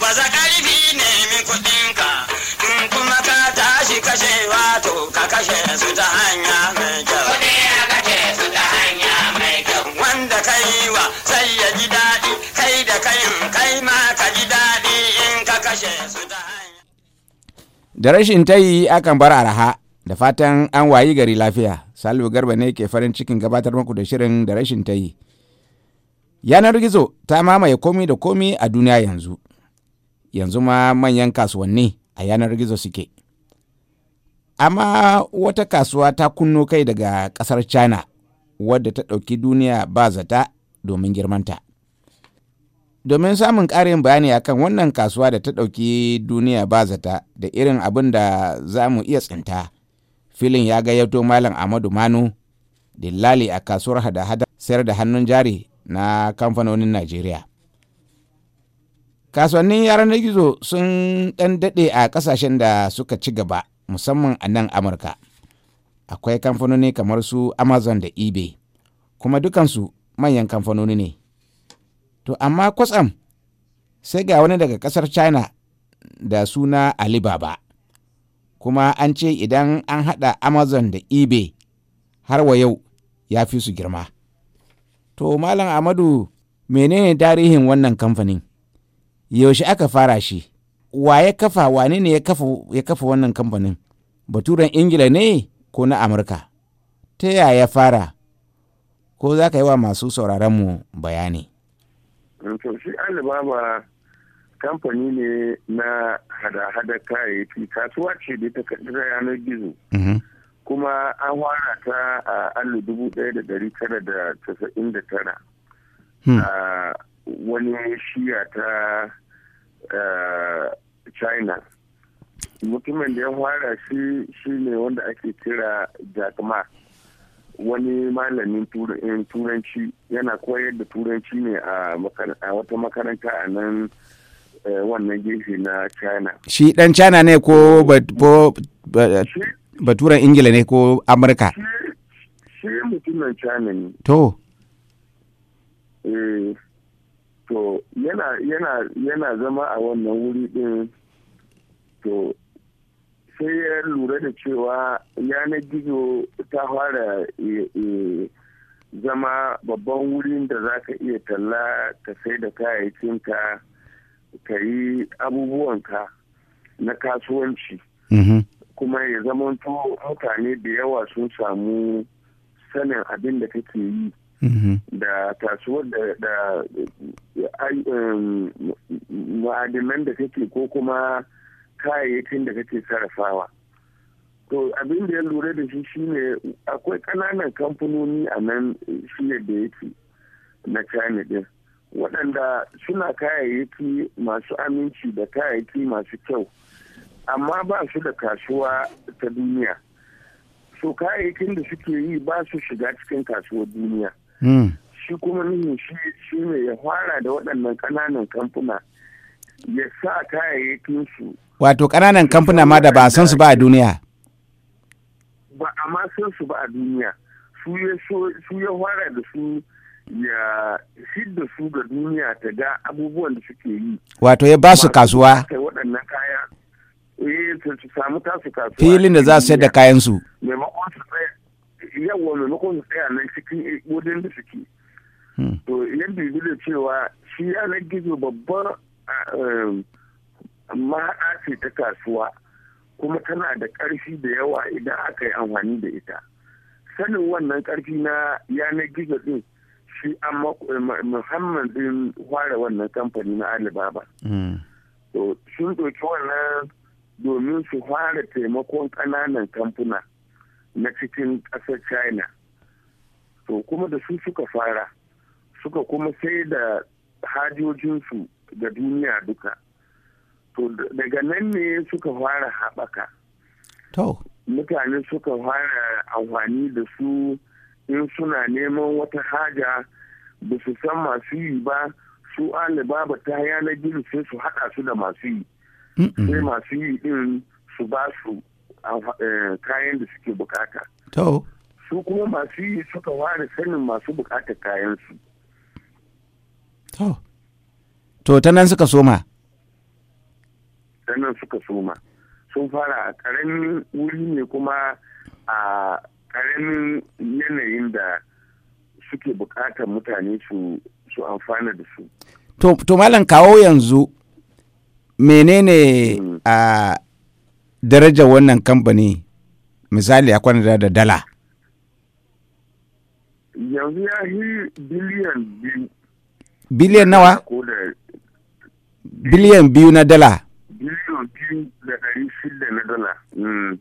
Waza ƙarfi ne min kuɗinka, in kuma ka tashi kashe wato ka kashe su ta hanya mai kyau. Kuɗi ya kashe su ta hanya mai kyau. Wanda ka yi wa sai ya ji daɗi, kai da kayin kai ma ka ji daɗi in ka kashe su ta hanya. Da rashin tayi akan bar araha. da fatan an wayi gari lafiya salihu garba ne ke farin cikin gabatar muku da shirin da rashin ta yi yanar gizo ta mamaye komi da komi a duniya yanzu yanzu ma manyan kasuwanni a yanar gizo suke amma wata kasuwa ta kunno kai daga kasar china wadda ta ɗauki duniya ba zata domin girmanta domin samun ƙarin bayani akan wannan kasuwa da ta ɗauki duniya ba zata da irin abin da za mu iya tsinta filin ya gayyato malam amadu manu dillali a kasuwar hada-hada sayar da hannun jari na kamfanonin najeriya kasuwannin yaran gizo sun ɗan daɗe a ƙasashen da suka ci gaba musamman a nan amurka akwai kamfanoni kamar su amazon da ebay kuma dukansu manyan kamfanoni ne to amma kwatsam sai ga wani daga ƙasar china da suna alibaba kuma an ce idan an haɗa amazon da ebay har wa yau ya fi su girma to malam amadu menene tarihin wannan kamfanin yaushe aka fara shi wa ya kafa wane ne ya kafa wannan kamfanin baturen ingila ne ko na amurka ta yaya ya fara ko za ka yi wa masu mu bayani eh, shi alibaba kamfani ne na hada-hada kayayyaki kasuwa ce da ta kaɗi yanar gizo mm-hmm. kuma an fara ta a allu dubu ɗaya ɗari tara da da tara hmm. a wani shiya ta Eh, china mutumin da ya fara shi shi ne wanda ake kira jack ma wani malamin eh, turanci yana koyar da turanci ne a wata makaranta a nan eh, wannan gefe na china shi dan china ne ko baturan ingila ne ko amurka shi mutumin china ne to to yana zama a wannan wuri ɗin to sai ya lura da cewa yanar gizo ta fara e, e, zama babban wurin da za ka iya talla ka sai da kayayyakinka ka yi abubuwanka na kasuwanci mm-hmm. kuma ya zamanto mutane da yawa sun samu sanin abin da kake yi da kasuwar da um, ma'adinan da kake ko kuma kayayyakin da kake sarrafawa to abin da ya lura da shi shine akwai ƙananan kamfanoni a nan shi da yake na china din waɗanda suna kayayyaki masu aminci da kayayyaki masu kyau amma ba su da kasuwa ta duniya so kayayyakin da suke yi ba su shiga cikin kasuwar duniya Hmm. shi kuma nuna shi shi ne ya fara da waɗannan ƙananan kamfuna ya sa kayayyakin su wato ƙananan kamfuna ma da ba san su ba a duniya ba a ma san su ba a duniya su ya su ya fara da su ya shidda su ga duniya ta ga abubuwan da suke yi wato ya ba su kasuwa waɗannan kaya eh su samu tasu kasuwa filin da za su sayar da kayan su maimakon su yawa maimakon tsaya nan cikin wajen da suke hmm. to yan yi da cewa shi yanar gizo babban mahaɗa ce ta kasuwa kuma tana da ƙarfi da yawa idan aka yi amfani da ita sanin wannan ƙarfi na yanar gizo din shi an din fara wannan kamfani na alibaba hmm. to sun ɗauki wannan domin su fara taimakon ƙananan kamfuna na cikin ƙasar china to kuma da su suka fara suka kuma sai da hajojinsu ga duniya duka to daga nan ne suka fara haɓaka mutane suka fara amfani da su in suna neman wata haja ba su san masu yi ba su alibaba ta yanar gizo sai su haɗa su da masu yi sai masu yi din su ba su Eh, kayan da suke bukata. To. Su kuma masu yi suka ware sanin masu bukatar kayansu. To. To ta nan suka soma? Ta nan suka soma. Sun fara a ƙaramin wuri ne kuma a ƙaramin yanayin da suke bukatar mutane su su amfana da su. To, to malam kawo yanzu menene hmm. a darajar wannan kamfani misali akwai na da dala yanzu ya yi biliyan biyu biliyan nawa biliyan biyu na dala biliyan biyu da ɗari shida na dala mm.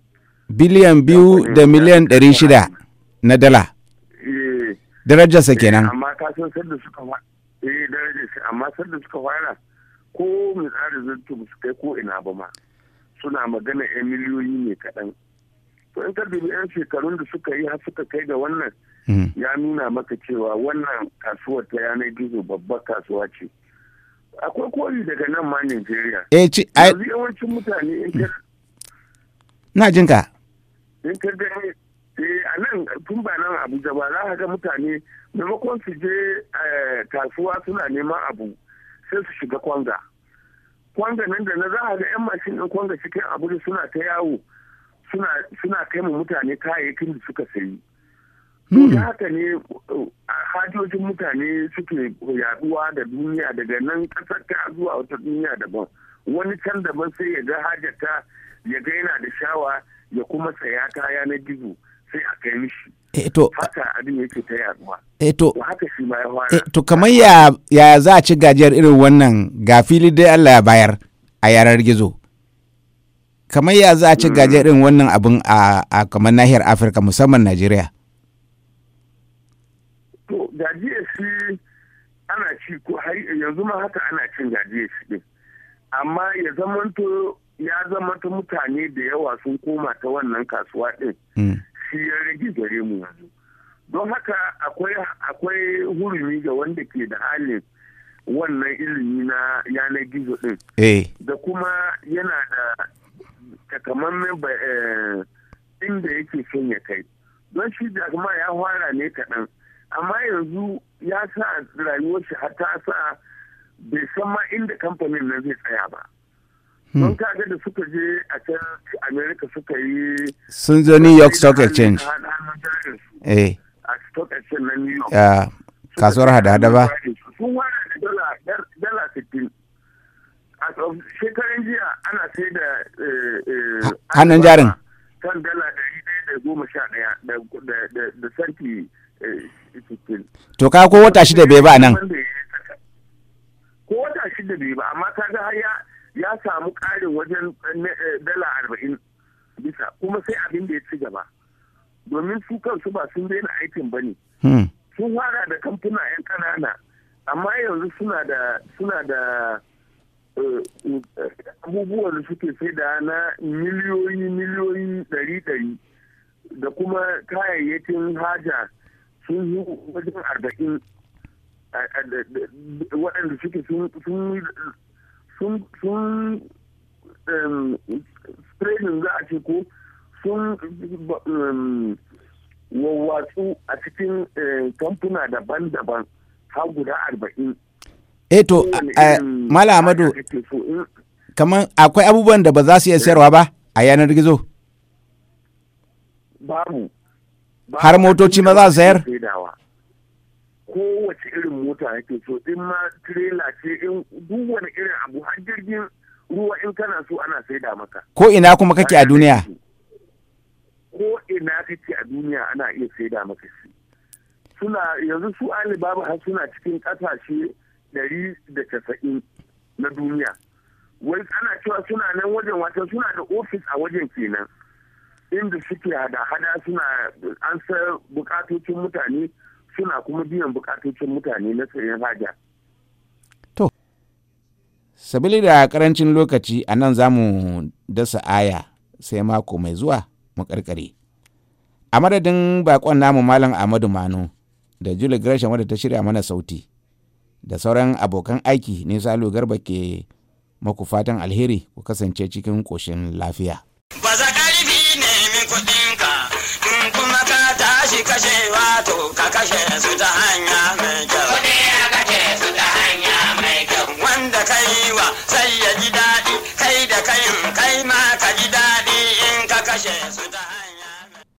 biliyan biyu da miliyan ɗari shida na dala eh. sa eh, kenan amma ka san sanda suka eh darajarsa amma sanda suka fara ko mai tsari zai zan su kai ko ina ba ma suna magana 'yan miliyoyi ne kaɗan to in ka dubi 'yan shekarun da suka yi har suka kai ga wannan hmm. ya nuna maka cewa wannan kasuwar ta yanar gizo babbar kasuwa ce akwai kori daga nan ma nigeria eh, yanzu yawancin mutane in ka hmm. na jin ka in ka gani eh, a nan tun ba nan abuja ba za ka ga mutane maimakon su je eh, kasuwa suna neman abu sai su shiga kwanga kwanga nan da na za a ga 'yan mashin ɗin kwanga cikin abuja suna ta yawo suna kai ma mutane kayayyakin da suka sayi. To da hmm. haka ne hajojin mutane suke yaduwa da duniya daga nan ƙasar ta zuwa wata duniya daban. Wani can daban sai ya ga hajata ya ga yana da shawa ya kuma saya kaya na gizo sai a kai mishi. Eh, to eto eh, ya eh, kamar ya ya za a ci gajiyar irin wannan ga fili dai Allah ya bayar a yarar gizo kamar ya za a ci gajiyar irin wannan abin a a kamar nahiyar Afirka musamman Najeriya to gajiyar shi ana ci ko har yanzu ma haka ana cin gajiyar shi din amma ya zamanto ya zama ta mutane da yawa sun koma ta wannan kasuwa din hmm. shi ya rage gare mu yanzu don haka akwai hurumi ga wanda ke da halin wannan ilimi na yanar gizo din eh. da kuma yana da takamammen eh, inda yake son ya kai don shi da kuma ya fara ne kaɗan amma yanzu ya sa rayuwar shi hata sa bai san ma inda kamfanin nan zai tsaya ba Hmm. Don kaga da suka je a can America suka yi. Sun zo New York Stock Exchange. Eh. A Stock Exchange na New York. Ya kasuwar hada-hada ba. Sun wara da dala dala sittin. A shekaran jiya ana sai da. Eh, eh, hannun jarin. Kan dala ɗari ɗaya da goma sha ɗaya da santi eh, sittin. To ka ko wata shida bai ba nan. Ko wata shida bai ba amma kaga har ya ya samu ƙarin wajen eh, eh, dala arba'in bisa kuma sai abin da ya ci gaba domin su kansu ba sun daina aikin ba ne hmm. sun fara da kamfuna 'yan ƙanana amma yanzu suna da suna da eh, abubuwan da suke sai da na miliyoyi miliyoyi ɗari ɗari da kuma kayayyakin haja sun yi wajen arba'in waɗanda suke sun sun spreading za a ce ko sun wawwatsu a cikin eh, kamfuna daban-daban har guda arba'in. Eto, Malamadu, kamar akwai abubuwan da ba za su iya eh. sayarwa ba a yanar gizo? Babu. Har motoci ma za su sayar? kowace irin mota yake so in ma tirela ce in duwane irin abu har jirgin ruwa in kana so ana saida maka ko ina kuma kake a duniya ko ina kake a duniya ana iya saida maka shi suna yanzu su alibaba har suna cikin kasashe ɗari da casa'in na duniya wai ana cewa suna nan wajen wata suna da ofis a wajen kenan inda suke hada-hada suna an bukatocin mutane suna kuma biyan bukatocin mutane na sayan haja. To, sabili da karancin lokaci a nan za mu dasa aya sai mako mai zuwa mu karkare. A madadin bakon namu Malam Ahmadu Manu da juli Gresham wadda ta shirya mana sauti da sauran abokan aiki nisa Salo Garba ke maku fatan alheri ku kasance cikin ƙoshin lafiya. Kashi kashi wato ka kashe su ta hanya mai kyau.